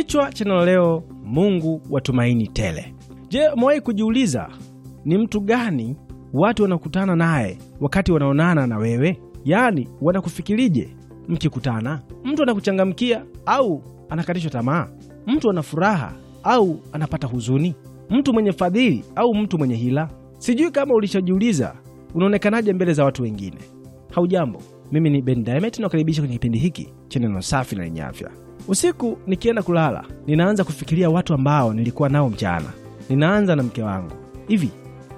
Kichwa cha neno leo, Mungu wa tumaini tele. Je, umewahi kujiuliza ni mtu gani watu wanakutana naye wakati wanaonana na wewe? Yaani, wanakufikirije mkikutana? Mtu anakuchangamkia au anakatishwa tamaa? Mtu ana furaha au anapata huzuni? Mtu mwenye fadhili au mtu mwenye hila? Sijui kama ulishajiuliza unaonekanaje mbele za watu wengine. Haujambo, mimi ni Ben dimet nakaribisha kwenye kipindi hiki cha neno safi na lenye afya. Usiku nikienda kulala, ninaanza kufikiria watu ambao nilikuwa nao mchana. Ninaanza na mke wangu. Hivi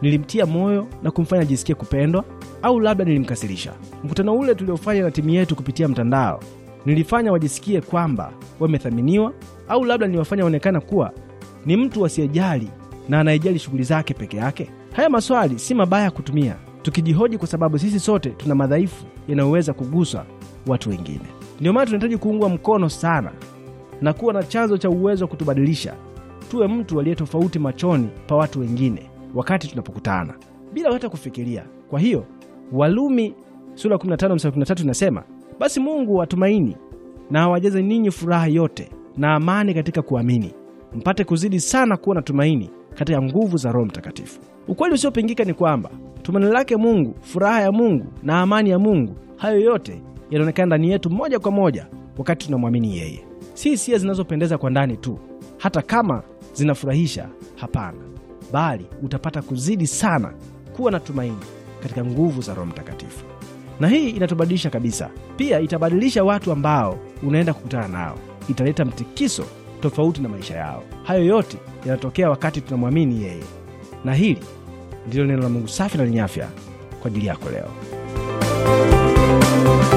nilimtia moyo na kumfanya ajisikie kupendwa, au labda nilimkasirisha? Mkutano ule tuliofanya na timu yetu kupitia mtandao, nilifanya wajisikie kwamba wamethaminiwa, au labda niliwafanya waonekana kuwa ni mtu wasiyejali na anayejali shughuli zake peke yake? Haya maswali si mabaya ya kutumia tukijihoji, kwa sababu sisi sote tuna madhaifu yanayoweza kugusa watu wengine. Ndio maana tunahitaji kuungwa mkono sana na kuwa na chanzo cha uwezo wa kutubadilisha tuwe mtu aliye tofauti machoni pa watu wengine wakati tunapokutana bila hata kufikiria. Kwa hiyo Walumi sura 15 mstari 13 inasema, basi Mungu watumaini na awajaze ninyi furaha yote na amani katika kuamini, mpate kuzidi sana kuwa na tumaini katika nguvu za Roho Mtakatifu. Ukweli usiopingika ni kwamba tumaini lake Mungu, furaha ya Mungu na amani ya Mungu, hayo yote yanaonekana ndani yetu moja kwa moja wakati tunamwamini yeye, si hisia zinazopendeza kwa ndani tu, hata kama zinafurahisha. Hapana, bali utapata kuzidi sana kuwa na tumaini katika nguvu za Roho Mtakatifu, na hii inatubadilisha kabisa. Pia itabadilisha watu ambao unaenda kukutana nao, italeta mtikiso tofauti na maisha yao. Hayo yote yanatokea wakati tunamwamini yeye, na hili ndilo neno la Mungu safi na lenye afya kwa ajili yako leo.